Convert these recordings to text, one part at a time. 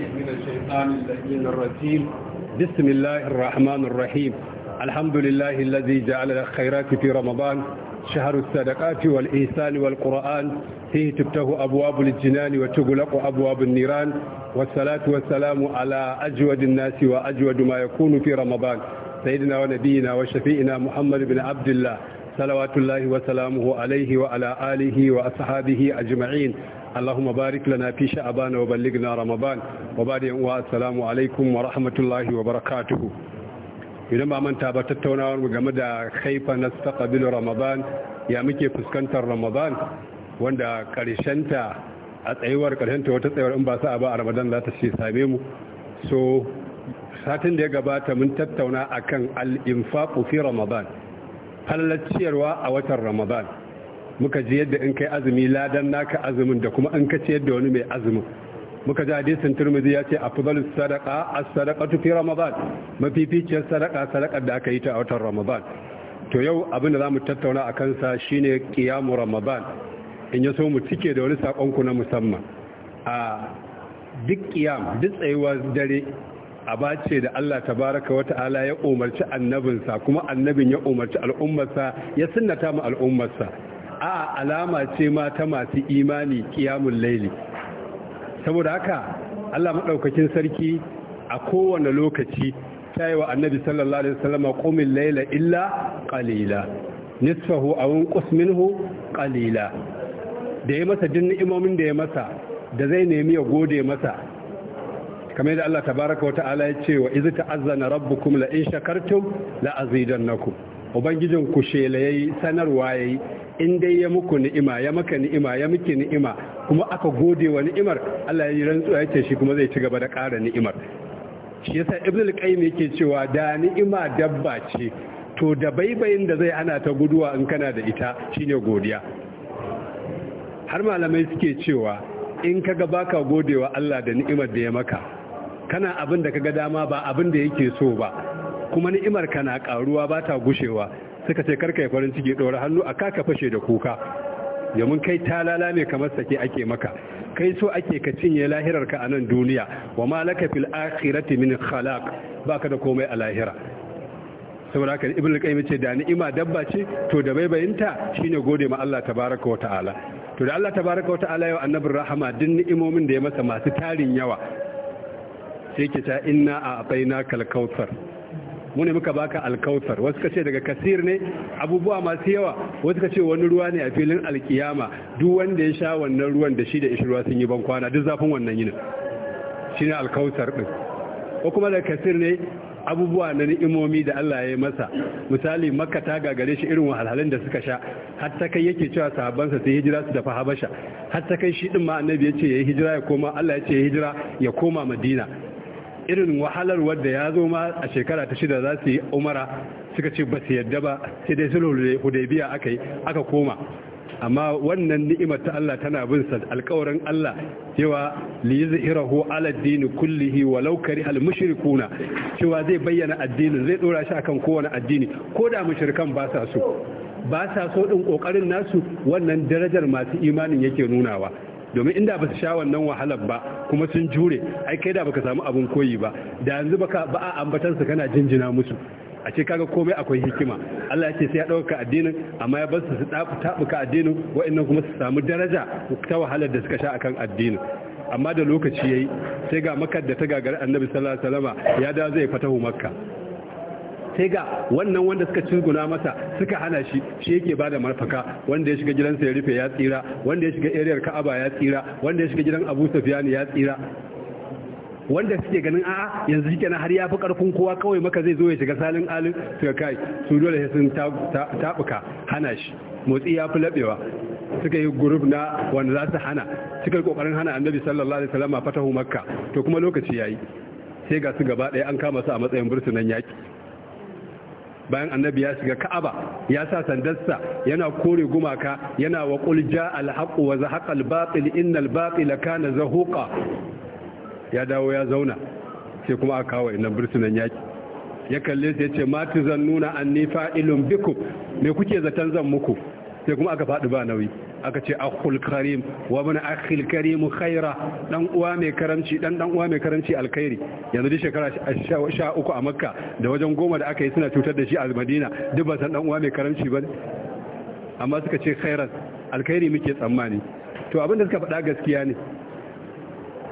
من الشيطان الرجيم بسم الله الرحمن الرحيم الحمد لله الذي جعل الخيرات في رمضان شهر الصدقات والإيسان والقرآن فيه تبته أبواب الجنان وتغلق أبواب النيران والصلاة والسلام على أجود الناس وأجود ما يكون في رمضان سيدنا ونبينا وشفيئنا محمد بن عبد الله صلوات الله وسلامه عليه وعلى آله وأصحابه أجمعين اللهم بارك لنا في شعبان وبلغنا رمضان وبعد السلام عليكم ورحمة الله وبركاته idan ba manta ba tattaunawa game da haifa na taqabilu ramadan ya muke fuskantar ramadan wanda karshen ta a tsayuwar karshen ta wata tsayuwar in ba sa ba a ramadan za ta ce same mu so satin da ya gabata mun tattauna akan al-infaq fi ramadan halacciyarwa a watan ramadan muka ji yadda in kai azumi ladan naka azumin da kuma in ka ciyar da wani mai azumin muka ji hadisin turmizi ya ce afdalus sadaqa as-sadaqatu fi ramadan mafificiyar sadaqa sadaqar da aka yi ta a watan ramadan to yau abin da zamu tattauna a kansa shine qiyamu ramadan in ya so mu cike da wani sakon ku na musamman a duk qiyam duk tsayuwa dare aba ce da Allah tabaraka wa ta'ala ya umarci annabinsa kuma annabin ya umarci al'ummarsa ya sunnata mu al'ummarsa a alama ce mata masu imani kiyamun laili saboda haka Allah maɗaukakin sarki a kowane lokaci ta yi wa annabi sallallahu alaihi wasallama qumil laila illa qalila nisfahu aw unqus minhu qalila da ya masa din imomin da ya masa da zai nemi ya gode masa kamar yadda Allah tabaaraka wa ta'ala ya ce wa ta'azzana rabbukum la in shakartum la azidannakum ubangijin ku shela yayi ya yi, in dai ya muku ni'ima ya maka ni'ima ya muke ni'ima kuma aka gode wa ni'imar Allah ya yi rantsuwa ya ce shi kuma zai ci gaba da ƙara ni'imar shi yasa ibn al-qayyim yake cewa da ni'ima dabba ce to da baibayin da zai ana ta guduwa in kana da ita shine godiya har malamai suke cewa in kaga baka godewa Allah da ni'imar da ya maka kana abin da kaga dama ba abin da yake so ba kuma ni'imar ka na karuwa ba ta gushewa suka ce karka farin ciki ɗora hannu a kaka fashe da kuka domin kai ta lalame kamar sake ake maka kai so ake ka cinye lahirar ka a nan duniya wa ma laka fil akhirati min khalaq baka da komai a lahira saboda haka ibnu qayyim ce da ni'ima dabba ce to da baibayinta shine gode ma Allah tabaaraka wa ta'ala to da Allah tabaaraka wa ta'ala ya Annabi rahama din ni'imomin da ya masa masu tarin yawa sai ke ta inna a abaina kalkautar mu ne muka baka alkautar wasu ka ce daga kasir ne abubuwa masu yawa wasu ka ce wani ruwa ne a filin alkiyama duk wanda ya sha wannan ruwan da shi da ishi ruwa sun yi ban kwana duk zafin wannan yinin shi ne alkautar din ko kuma daga kasir ne abubuwa na ni'imomi da Allah ya yi masa misali makka ta gagare shi irin wahalhalun da suka sha har ta kai yake cewa sahabbansa sai hijira su dafa habasha har kai shi din ma annabi ya ce ya hijira ya koma Allah ya ce ya hijira ya koma madina irin wahalar wadda ya zo ma a shekara ta shida za su yi umara suka ce ba su yadda ba sai dai sun hudaybiya aka yi aka koma amma wannan ni'imar ta Allah tana bin sa alƙawarin Allah cewa li yuzhirahu ala dini kullihi walau al mushrikuna cewa zai bayyana addinin zai dora shi akan kowane addini ko da mushrikan ba sa so ba sa so din kokarin nasu wannan darajar masu imanin yake nunawa domin inda ba su sha wannan wahalar ba kuma sun jure ai kai da baka samu abun koyi ba da yanzu baka ba a sa kana jinjina musu a ce kaga komai akwai hikima Allah ya ce sai ya ɗauka addinin amma ya bar su su ka addinin wa'annan kuma su samu daraja ta wahalar da suka sha akan addinin amma da lokaci yayi sai ga makar da ta gagari annabi sallallahu alaihi wasallama ya da zai fatahu makka sai ga wannan wanda suka cizguna masa suka hana shi shi yake bada marfaka wanda ya shiga gidansa ya rufe ya tsira wanda ya shiga ariyar ka'aba ya tsira wanda ya shiga gidan abu sufyan ya tsira wanda suke ganin a'a yanzu shi kenan har ya fi karfin kowa kawai maka zai zo ya shiga salin alin suka kai su dole sai sun tabuka hana shi motsi ya fi labewa suka yi gurub na wanda za su hana suka yi kokarin hana annabi sallallahu alaihi wasallam fatahu makka to kuma lokaci yayi sai ga su gaba ɗaya an kama su a matsayin bursunan yaki bayan annabi ya shiga ka'aba ya sa sandarsa yana kore gumaka yana wa qul jaa al-haqq wa zahaqa al-batil innal batila kana zahuqa ya dawo ya zauna sai kuma aka kawo inna birsunan yaki ya kalle sai ya ce ma tuzannuna anni fa'ilun bikum me kuke zaton zan muku sai kuma aka faɗi ba nauyi aka ce akhul karim wa mana akhil karim khaira dan uwa mai karamci dan dan uwa mai karamci alkhairi yanzu duk shekara 13 a makka da wajen goma da aka yi suna cutar da shi a madina duk ba san dan uwa mai karamci ba amma suka ce khairan alkhairi muke tsammani to abin da suka faɗa gaskiya ne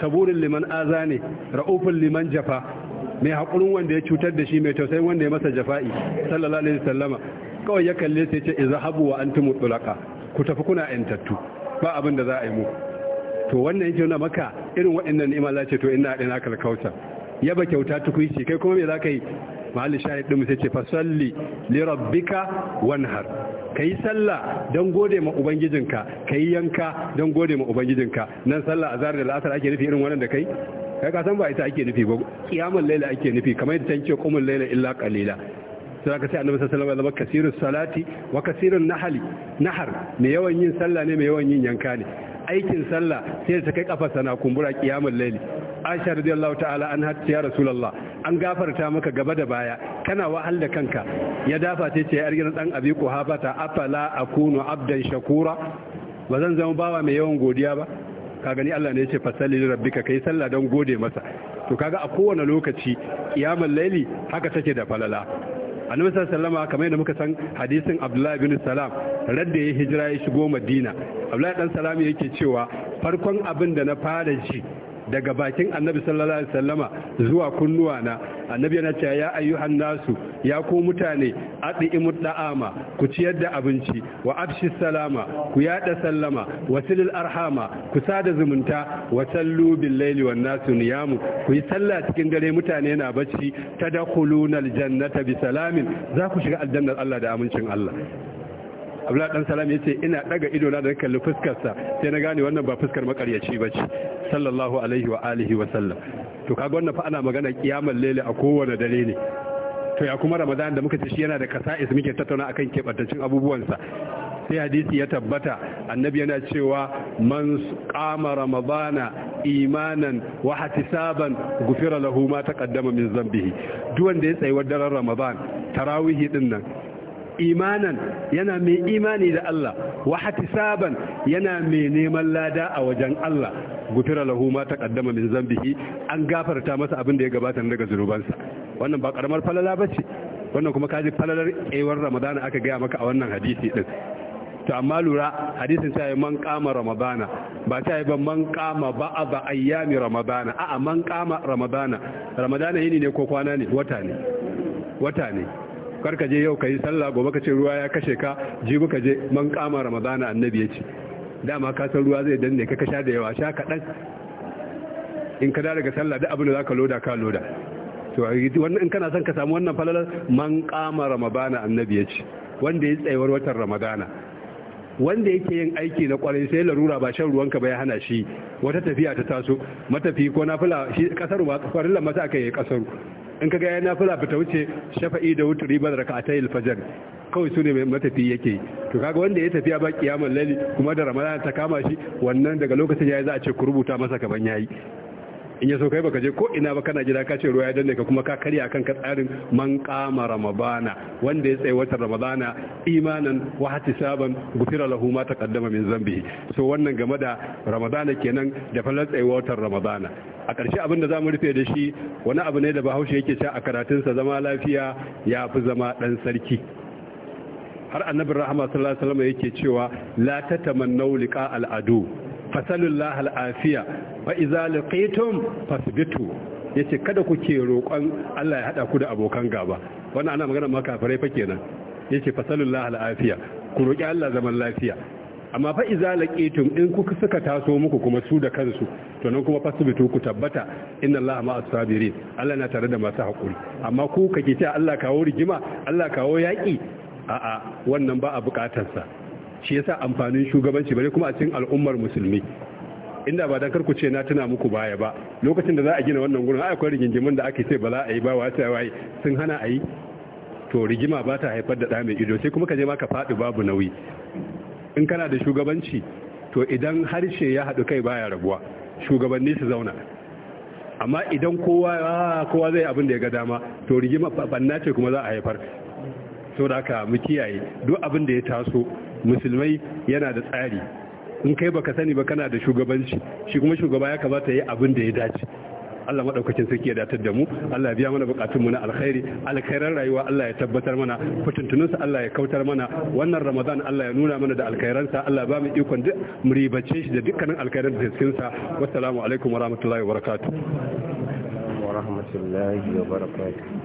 saburin liman aza ne ra'ufin liman jafa mai haƙurin wanda ya cutar da shi mai tausayin wanda ya masa jafa'i sallallahu alaihi wasallama kawai ya kalle sai ce izahabu wa antum tulaka ku tafi kuna yantattu ba abin da za a yi muku to wannan yake nuna maka irin waɗannan ni'ima Allah ce to ina da naka kauta ba kyauta tukuici kai kuma me za ka yi mahallin shahid din sai ce fa salli li rabbika wanhar kai sallah don gode ma ubangijinka kai yanka don gode ma ubangijinka nan sallah azhar da la'asar ake nufi irin wannan da kai kai ka san ba ita ake nufi ba kiyamul laila ake nufi kamar yadda tanke qumul laila illa qalila sai aka ce annabi sallallahu alaihi wasallam kasirus salati wa kasirun nahli nahar mai yawan yin sallah ne mai yawan yin yanka ne aikin sallah sai ta kai kafa sana kumbura kiyamul laili Aisha radiyallahu ta'ala an hatta ya Rasulullah an gafarta maka gaba da baya kana wahal da kanka ya dafa ce ce yar dan abi kuhaba ta afala akunu abdan shakura ba zan zama bawa mai yawan godiya ba ka gani Allah ne ya ce fasalli li rabbika kai sallah dan gode masa to kaga a kowane lokaci kiyamul laili haka take da falala annabi sallama kamar yadda muka san hadisin abdullahi bin salam radda ya hijira ya shigo madina abdullahi dan salam yake cewa farkon abin da na fara ji daga bakin annabi sallallahu alaihi wasallama zuwa kunnuwa na annabi yana cewa ya ayyuhan nasu ya ku mutane at'imud da'ama ku ciyar da abinci wa abshi salama ku yada sallama wa silil arhama ku sada zumunta wa sallu bil laili wan nasu niyamu ku yi sallah cikin dare mutane na bacci tadkhuluna al jannata bi salamin za ku shiga aljannar Allah da amincin Allah abdullahi dan salam ce ina daga ido na da kalli fuskarsa sai na gane wannan ba fuskar makaryaci bace sallallahu alaihi wa alihi wa sallam to kaga wannan fa ana magana kiyamar lele a kowane dare ne to ya kuma ramadan da muka ce shi yana da kasa'is muke tattauna akan abubuwan abubuwansa sai hadisi ya tabbata annabi yana cewa man qama ramadana imanan wa ihtisaban gufira lahu ma taqaddama min zambihi duk wanda ya tsayi daren ramadan tarawihi din nan imanan yana mai imani da Allah wa hatisaban yana mai neman lada a wajen Allah gufira lahu ma kaddama min zambihi an gafarta masa abin da ya gabata daga zunubansa wannan ba karamar falala bace wannan kuma kaji falalar ewar ramadana aka gaya maka a wannan hadisi din to amma lura hadisin sai yi man kama ramadana ba ta yi ban man kama ba a ba ayyami ramadana a man kama ramadana ramadana yini ne ko kwana ne wata ne wata ne kar ka je yau ka yi sallah gobe ka ce ruwa ya kashe ka jibi ka je man kama ramadana annabi ya ce dama ka san ruwa zai danne ka kasha da yawa sha kaɗan in ka daga sallah da abin da za ka loda ka loda to wannan in kana son ka samu wannan falalar man kama ramadana annabi ya ce wanda ya tsayawar watan ramadana wanda yake yin aiki na kwarai sai larura ba shan ruwanka ba ya hana shi wata tafiya ta taso matafi ko na fila shi kasar ba farilla mata aka yi kasar in ka gaya ya nafila ba ta wuce shafa'i da wuturi ba da yi alfajar kawai su ne matafi yake yi to kaga wanda ya tafiya ba kiyamun laili kuma da ramadan ta kama shi wannan daga lokacin yayi za a ce ku rubuta masa kaban yayi in ya so kai baka je ko ina ba kana gida ka ce ruwa ya danne ka kuma ka karya kan ka tsarin man kama ramadana wanda ya tsaye watan ramadana imanan wa hatisaban gufira lahu ma taqaddama min zambi so wannan game da ramadana kenan da falar tsaye watan ramadana a ƙarshe abin da zamu rufe da shi wani abu ne da bahaushe yake cewa a karatun sa zama lafiya ya fi zama dan sarki har annabin rahama sallallahu alaihi wasallam yake cewa la tatamannau liqa al adu fasalullah al'afiya wa iza laqitum fasbitu yace kada ku ke roƙon Allah ya haɗa ku da abokan gaba wannan ana magana ma kafirai fa kenan yace fasalullah al'afiya ku roƙi Allah zaman lafiya amma fa iza laqitum in kuka suka taso muku kuma su da kansu to nan kuma fasbitu ku tabbata inna Allah ma asabiri sabirin Allah na tare da masu hakuri amma ku kake ce Allah kawo rigima Allah kawo yaki a'a wannan ba a bukatarsa shi yasa amfanin shugabanci bane kuma a cikin al'ummar musulmi inda ba dakar ku ce na tuna muku baya ba lokacin da za a gina wannan gurin akwai rigingimin da ake ce ba za a yi ba wa sai wai sun hana a yi to rigima ba ta haifar da ɗa mai ido sai kuma ka je ma ka faɗi babu nauyi in kana da shugabanci to idan harshe ya haɗu kai baya rabuwa shugabanni su zauna amma idan kowa kowa zai abin da ya ga dama to rigima banna ce kuma za a haifar saboda haka mu kiyaye duk abin da ya taso musulmai yana da tsari in kai baka sani ba kana da shugabanci shi kuma shugaba ya kamata ya yi abin da ya dace Allah madaukakin sarki ya datar da mu Allah ya biya mana bukatun mu na alkhairi alkhairan rayuwa Allah ya tabbatar mana fitintunun sa Allah ya kautar mana wannan Ramadan Allah ya nuna mana da alkhairan sa Allah ba mu ikon duk mu ribace shi da dukkanin alkhairan da cikin sa wassalamu alaikum warahmatullahi wabarakatuh wa rahmatullahi barakatuh